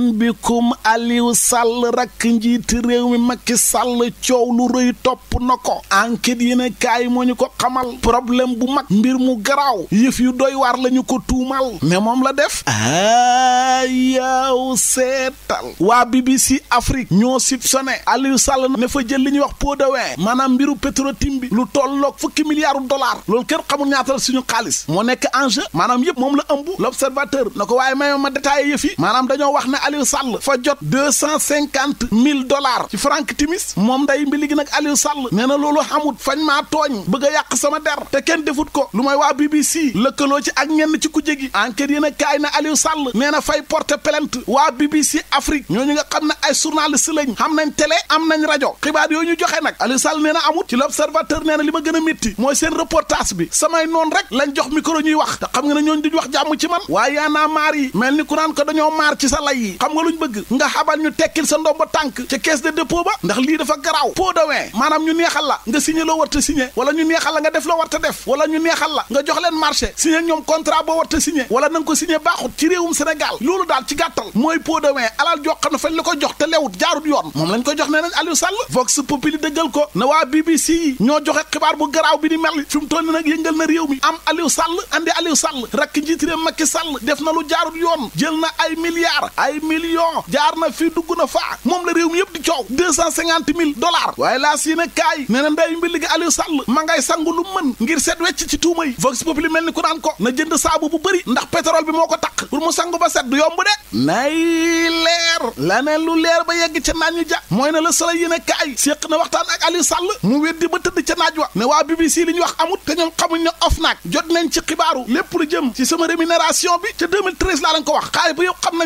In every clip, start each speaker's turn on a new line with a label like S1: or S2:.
S1: am bikum Aliou Sall rakk njiiti réew mi Macky Sall coow lu rëy topp na ko enquête yéen a kaay moo ñu ko xamal problème bu mag mbir mu garaaw yëf yu doy waar lañu ñu ko tuumal mais moom la def a yaw seetal waa BBC Afrique ñoo soupçonné Aliou Sall ne fa jël li ñuy wax pot de vin mbiru Petro-Tim bi lu tolloog fukki milliards dollar loolu kenn xamul ñaata suñu xaalis moo nekk enjeu manaam yëpp moom la ëmb l'observateur na ko waaye may ma détaillé yëf yi Aliou Sall fa jot deux cent cinquante mille dollars ci Frank Timis moom nday mbi ligi nag Aliou Sall nee na loolu xamut fañ maa tooñ bëgg yàq sama der te kenn defut ko lu may waa BBC lëkkaloo ci ak ñenn ci ku jégi enquête yéen a kaay na Aliou Sall nee na fay porter plainte waa BBC Afrique ñooñu nga xam ne ay journaliste lañ xam nañ tele am nañ rajo xibaar yooyu ñu joxe nag Aliou Sall nee na amut ci l'observateur nee na li ma gën a métti mooy seen reportage bi samay noon rek lañ jox micro ñuy wax xam nga ne ñooñu duñ wax jàmm ci man waaye yaa yi mel ni ku naan dañoo maar ci sa lay yi xam nga luñ bëgg nga xabal ñu tekkil sa ndomba tànk ca caisse de dépôt ba ndax lii dafa garaaw pot de maanaam ñu neexal la nga signé loo warta signé wala ñu neexal la nga def loo warta def wala ñu neexal la nga jox leen marché signé ñoom contrat boo warta signé wala na nga ko signé baaxut ci réewum Sénégal loolu daal ci gàttal mooy pot de vin alal jox xam ne fañ la ko jox te lewut jaarut yoon moom lañ ko jox nee nañ Aliou Sall Vox Populi dëggal ko na waa BBC yi ñoo joxe xibaar bu garaaw bi ni mel fi mu toll ni nag yëngal na réew mi am Aliou Sall andi Aliou Sall rakk njiit réew Macky Sall def na lu jaarut yoon jël na ay milliards ay millions jaar na fi dugg na faa moom la réew mi yëpp di coow deux waaye laas yéen a kaay nee na nday mbi Aliou Sall ma ngay sangu lu mën ngir seet wecc ci tuuma yi vox populi mel ni ku naan ko na jënd saabu bu bëri ndax pétrole bi moo ko takk pour mu sangu ba set du yomb de nay leer la neen lu leer ba yegg ca naan ñu ja mooy ne la sala yéen a kaay séq na waxtaan ak Aliou Sall mu weddi ba tëdd ca naaj wa ne waa BBC li wax amut te ñoom xamuñ ne OFNAC jot nañ ci xibaaru lépp lu jëm ci sama ko wax xaalis ba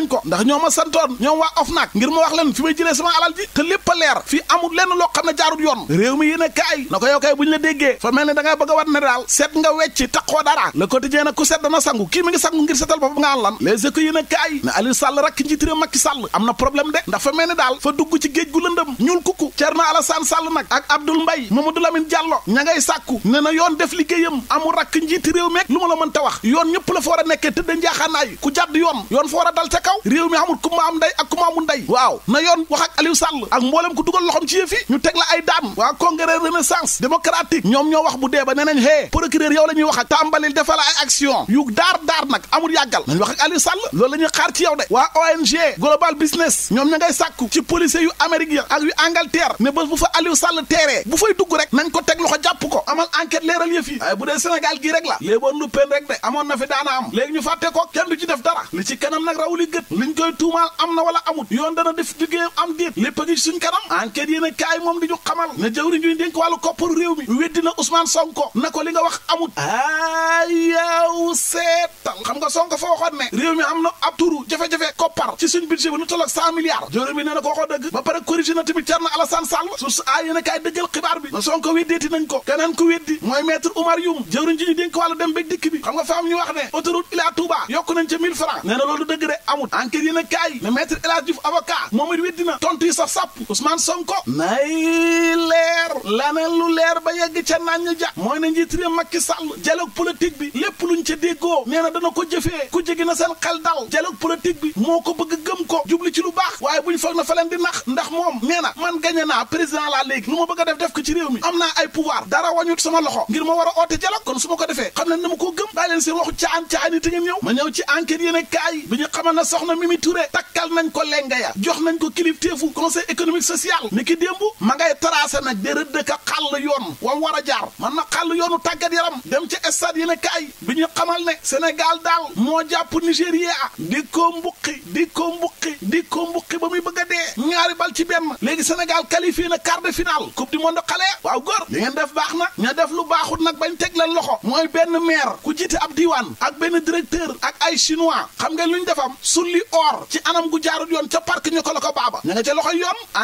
S1: ko ndax santoon ñoom waa OFNAC ngir mu wax leen fi may jëlee sama alal ji te lépp leer fii amul lenn loo xam ne jaarut yoon réew mi yéen a na ko yow kay bu ñu la déggee fa mel ne da nga bëgg a war ne daal set nga wecci taqoo dara le quotidien na ku set na sangu kii mi ngi sangu ngir setal boppam nga an lan les a ne Aliou Sall rakk njiit réew Macky am na problème de ndax fa mel ne daal fa dugg ci géej gu lëndëm ñuul kukku Thierno Alassane Sall nag ak Abdoul Mbaye Mamadou Lamine Diallo ña ngay sàkku ne na yoon def liggéeyam amul rakk njiiti réew meeg lu ma la mën ta wax yoon ñëpp la fa war a nekkee tëdd njaaxaanaay ku jàdd yoon yoon fa war a dal ca kaw réew mi amul ku ma am nday ak ku ma amul nday waaw na yoon wax ak Aliou Sall ak mboolem ku dugal loxom ci yëf yi ñu teg la ay daan waa congrès renaissance démocratique ñoom ñoo wax bu dee ba nee hee procureur yow la ñuy wax ak ay action yu daar daar nag amul yàggal nañ wax ak Aliou Sall loolu la xaar ci yow de waa ONG global business ñoom ña ngay sàkku ci policier yu Amérique ya ak yu Angleterre ne bés bu fa Aliou Sall teeree bu fay dugg rek nañ tuumaal am na wala amut yoon dana def liggéeyam am déet lépp a ngi suñ kanam enquête yéen a kaay moom di ñu xamal ne jëwriñ ñuy dénk wàllu kopparu réew mi weddi na Ousmane Sonko na ko li nga wax amut ayaw seetal xam nga Sonko fa waxoon ne réew mi am na ab turu jafe-jafe koppar ci suñ budget bu nu tolloog cent milliards jëwriñ bi nee na ko waxoo dëgg ba pare corrigé na tamit Thierno Alassane Sall su aay yéen a kaay dëggal xibaar bi na Sonko weddeeti nañ ko keneen ko weddi mooy maître Oumar Youm jëwriñ ji ñu bi xam nga fa am ñu wax ne autoroute na kaay ne maître El Hadj Diouf avocat moom it weddi na tontu yi saf sàpp Ousmane Sonko nay laneen lu leer ba yegg ca naan ja mooy ne njiit réew Macky Sall dialogue politique bi lépp luñ ca déggoo nee na dana ko jëfee ku jege na seen xel dal dialogue politique bi moo ko bëgg gëm ko jubli ci lu baax waaye buñ foog na fa leen di nax ndax moom nee na man gañe naa président laa léegi lu ma bëgg a def def ko ci réew mi am naa ay pouvoir dara wañut sama loxo ngir ma war a oote dialogue kon su ko defee xam ne na ma ko gëm bàyyi leen seen waxu caan caan yi te ngeen na ko lenga ya jox nañ ko kilifteefu conseil économique social ni ki tëdd ka xàll yoon wam war a jaar mën na xàll yoonu tàggat yaram dem ci stade yéen kaay bi ñu xamal ne Sénégal daal moo jàpp Nigéria di ko mbuqi di ko mbuqi di ko mbuqi ba muy bëgg a dee ñaari bal ci benn léegi Sénégal qualifié na quart de finale coupe du monde xale waaw góor li ngeen def baax na ña def lu baaxut nag bañ teg leen loxo mooy benn maire ku jiite ab diwaan ak benn directeur ak ay chinois xam nga luñ defam sulli or ci anam gu jaarut yoon ca parc yoon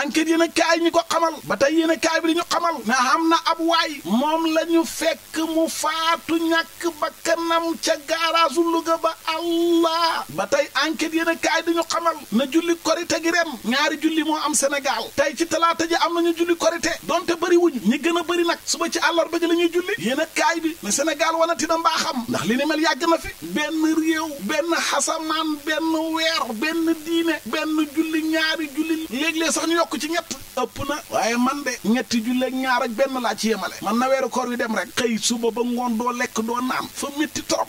S1: enquête yéen a kaay a kaay bi ñu xamal ne am na ab waay moom lañu ñu fekk mu faatu ñàkk bakkanam ca gaaraasu Louga ba allah ba tey enquête yéen a kaay dañu xamal na julli korite gi ren ñaari julli moo am Sénégal tey ci talaata ji am nañu julli korite donte bëri wuñ ñi gën a bëri nag suba ci àllarba ji la ñuy julli yéen a kaay bi ne Sénégal wanati na mbaaxam ndax li ni mel yàgg na fi benn réew benn xasamaan benn weer benn diine benn julli ñaari julli léeg-léeg sax ñu yokk ci ñett ëpp na waaye man de ñetti julli ak ñaar benn laa ci yemale man na weeru koor dem rek xëy suba ba ngoon doo lekk doo naan fa métti trop